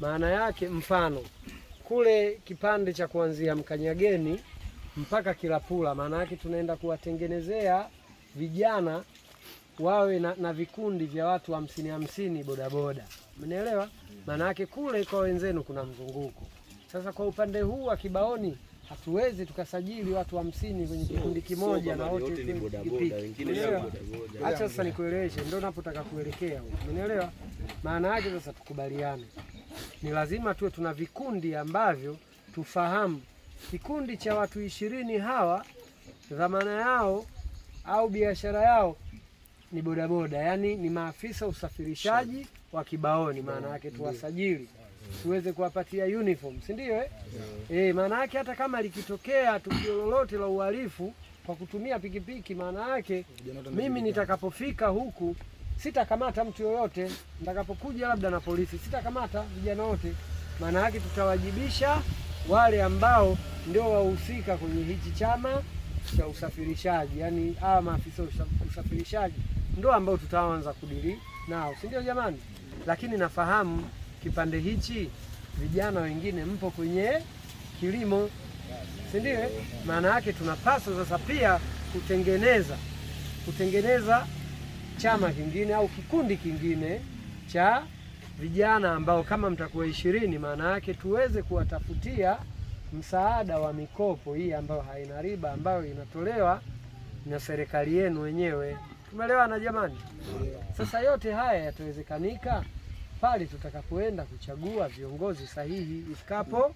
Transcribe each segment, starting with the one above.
Maana yake mfano kule kipande cha kuanzia Mkanyageni mpaka Kilapula, maana yake tunaenda kuwatengenezea vijana wawe na, na vikundi vya watu hamsini hamsini bodaboda, mnaelewa? Maana yake kule kwa wenzenu kuna mzunguko. Sasa kwa upande huu wa Kibaoni hatuwezi tukasajili watu hamsini kwenye kikundi kimoja na wote ni bodaboda, wengine ni bodaboda. Acha sasa nikueleweshe, ndio napotaka kuelekea, mnaelewa? Maana yake sasa tukubaliane ni lazima tuwe tuna vikundi ambavyo tufahamu. Kikundi cha watu ishirini hawa dhamana yao au biashara yao ni bodaboda, yaani ni maafisa usafirishaji wa kibaoni. Maana yake tuwasajili tuweze kuwapatia uniform, si ndio? Eh, eh, maana yake hata kama likitokea tukio lolote la uhalifu kwa kutumia pikipiki, maana yake mimi nitakapofika huku sitakamata mtu yoyote nitakapokuja labda na polisi, sitakamata vijana wote. Maana yake tutawajibisha wale ambao ndio wahusika kwenye hichi chama cha usafirishaji, yaani hawa maafisa usafirishaji ndio ambao tutaanza kudili nao, si ndio jamani? Lakini nafahamu kipande hichi vijana wengine mpo kwenye kilimo, si ndio? Maana yake tunapaswa sasa pia kutengeneza kutengeneza chama kingine au kikundi kingine cha vijana ambao kama mtakuwa ishirini, maana yake tuweze kuwatafutia msaada wa mikopo hii ambayo haina riba ambayo inatolewa na serikali yenu wenyewe. Tumeelewana jamani? Sasa yote haya yatawezekanika pale tutakapoenda kuchagua viongozi sahihi ifikapo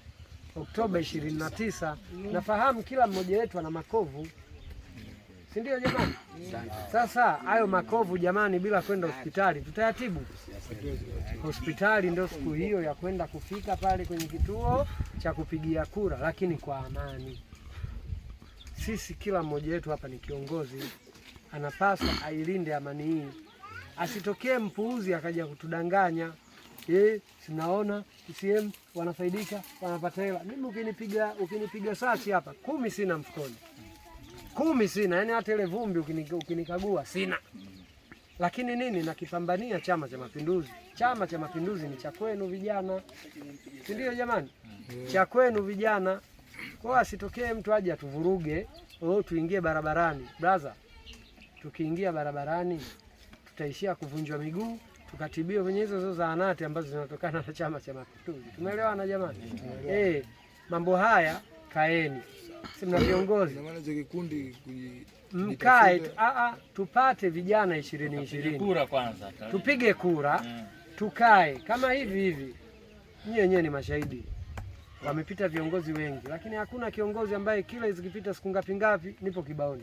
Oktoba 29. Nafahamu kila mmoja wetu ana makovu si ndio jamani? Sasa hayo makovu jamani, bila kwenda hospitali tutayatibu? Hospitali ndio siku hiyo ya kwenda kufika pale kwenye kituo cha kupigia kura, lakini kwa amani. Sisi kila mmoja wetu hapa ni kiongozi, anapaswa ailinde amani hii, asitokee mpuuzi akaja kutudanganya E, sinaona CCM wanafaidika wanapata hela. Mimi ukinipiga ukinipiga sachi hapa kumi sina mfukoni kumi sina, yani hata ile vumbi ukinikagua sina, lakini nini nakipambania Chama cha Mapinduzi. Chama cha Mapinduzi ni cha kwenu vijana, si ndio jamani? Cha kwenu vijana, kwa asitokee mtu aje atuvuruge au oh, tuingie barabarani. Brother, tukiingia barabarani tutaishia kuvunjwa miguu tukatibiwa kwenye hizo hizo zahanati ambazo zinatokana na Chama cha Mapinduzi. Tumeelewana jamani? Eh, mambo haya kaeni simna viongozi mkae tupate vijana ishirini ishirini tupige kura Tukae kama hivi hivi, nyinyi wenyewe ni mashahidi, wamepita viongozi wengi, lakini hakuna kiongozi ambaye kila zikipita siku ngapi ngapi nipo kibaoni.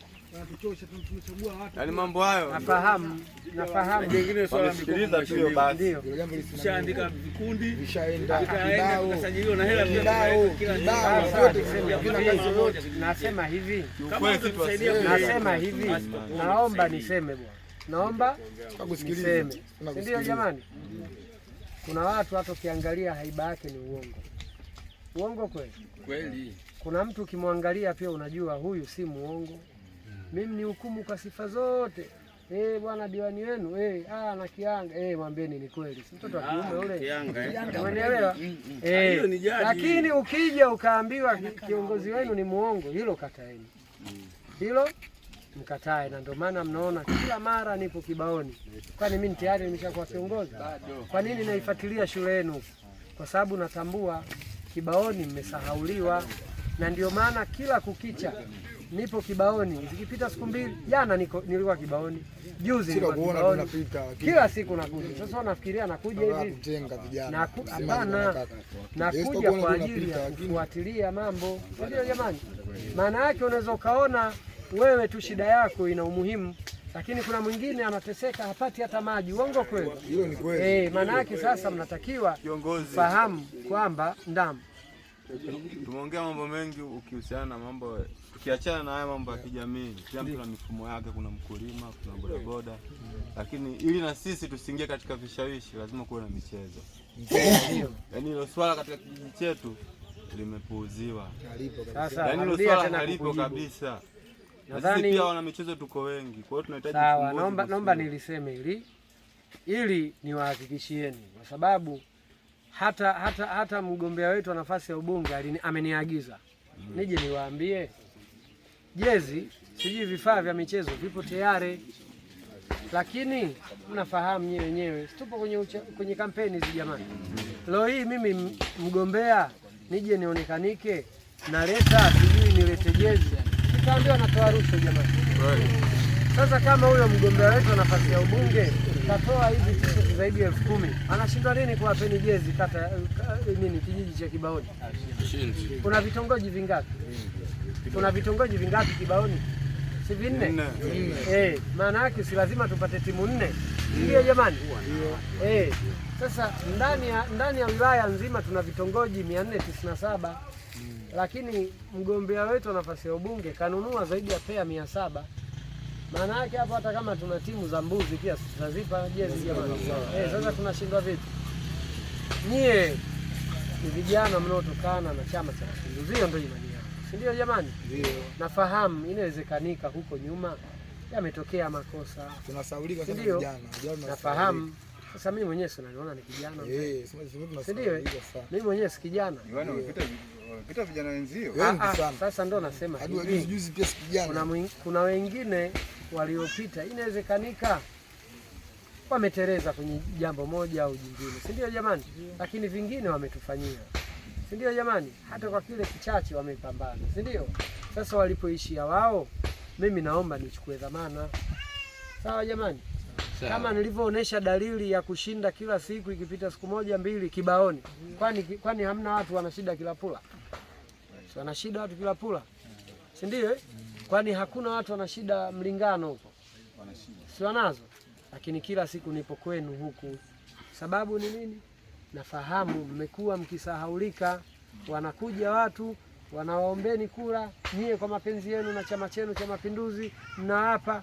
Yaani mambo hayo nafahamu, nafahamu. Wengine sio msikiliza tu hiyo basi. Ushaandika vikundi, vishaenda vikasajiliwa na hela pia kila. Nasema hivi, nasema hivi, naomba niseme bwana, naomba niseme, ndio jamani, kuna watu hata ukiangalia haiba yake ni uongo, uongo kweli kweli. Kuna mtu ukimwangalia pia unajua huyu si muongo mimi ni hukumu kwa sifa zote. Eh, bwana diwani wenu eh, ah na Kianga eh, mwambieni ni kweli, si mtoto wa ah, kiume ule Kianga, umeelewa? Eh, mm, mm, mm. eh ah, lakini ukija ukaambiwa kiongozi wenu ni muongo, hilo kataeni, hilo mkatae, na ndio maana mnaona kila mara nipo kibaoni. Kwani mimi tayari nimeshakuwa kiongozi? Kwa nini naifuatilia shule yenu? Kwa sababu natambua kibaoni mmesahauliwa, na ndio maana kila kukicha nipo kibaoni, zikipita siku mbili. Jana niko nilikuwa kibaoni, juzi nilikuwa kibaoni, kila siku nakuja. Sasa nafikiria nakuja hivi, hapana, nakuja kwa ajili ya kufuatilia mambo, ndio jamani. Maana yake unaweza ukaona wewe tu shida yako ina umuhimu lakini kuna mwingine anateseka hapati hata maji. Uongo kweli? Hiyo ni kweli. Eh, maana yake sasa mnatakiwa fahamu kwamba Ndamu tumeongea mambo mengi ukihusiana na mambo Ukiachana na haya mambo ya kijamii, pia na mifumo yake, kuna mkulima, kuna bodaboda, lakini ili na sisi tusiingie katika vishawishi, lazima kuwe na michezo. Yaani hilo swala katika kijiji chetu limepuuziwa, yaani hilo swala halipo kabisa. Nadhani pia wana michezo tuko wengi, kwa hiyo tunahitaji. Sawa, naomba naomba niliseme hili ili niwahakikishieni, kwa sababu hata hata hata mgombea wetu wa nafasi ya ubunge ameniagiza mm. nije niwaambie jezi, sijui vifaa vya michezo vipo tayari, lakini mnafahamu nyewe wenyewe, tupo kwenye, kwenye kampeni hizi jamani. Leo hii mimi mgombea nije nionekanike naleta sijui nilete jezi, nikaambiwa natoa rushwa jamani. Sasa kama huyo mgombea wetu nafasi ya ubunge katoa hizi tisheti zaidi ya elfu kumi anashindwa nini kuwapeni jezi kata eh, nini kijiji cha Kibaoni? Kuna vitongoji vingapi? Kuna vitongoji vingapi Kibaoni? si vinne? Eh, eh, maana yake si lazima tupate timu nne, ndio jamani? Eh, sasa ndani ya ndani ya wilaya nzima tuna vitongoji 497 lakini mgombea wetu wa nafasi ya ubunge kanunua zaidi ya pea mia saba maana yake hapo hata kama tuna timu za mbuzi pia tutazipa jezi jamani. Eh, sasa tunashindwa vipi? Nyie ni vijana mnaotokana na Chama cha Mapinduzi, hiyo ndio imani yao, si ndio jamani? Ndio. Nafahamu inawezekanika huko nyuma yametokea makosa, tunasaulika sana vijana. Nafahamu sasa mimi mwenyewe si naliona ni kijana. Eh, ndio? Mimi mwenyewe si kijana. Wamepita vijana wenzio. Ah, ah, sasa ndo nasema kuna, Kuna wengine waliopita inawezekanika wametereza kwenye jambo moja au jingine, si ndio jamani? Lakini vingine wametufanyia, si ndio jamani? Hata kwa kile kichache wamepambana, si ndio? Sasa walipoishia wao, mimi naomba nichukue dhamana. Sawa jamani? kama nilivyoonesha dalili ya kushinda kila siku, ikipita siku moja mbili kibaoni. Kwani kwani hamna watu wanashida kila pula, wanashida watu kila pula, si ndio? Eh? Kwani hakuna watu wana shida mlingano huko? Si wanazo, lakini kila siku nipo kwenu huku. Sababu ni nini? Nafahamu mmekuwa mkisahaulika, wanakuja watu wanawaombeni kura nyie, kwa mapenzi yenu na chama chenu cha Mapinduzi na hapa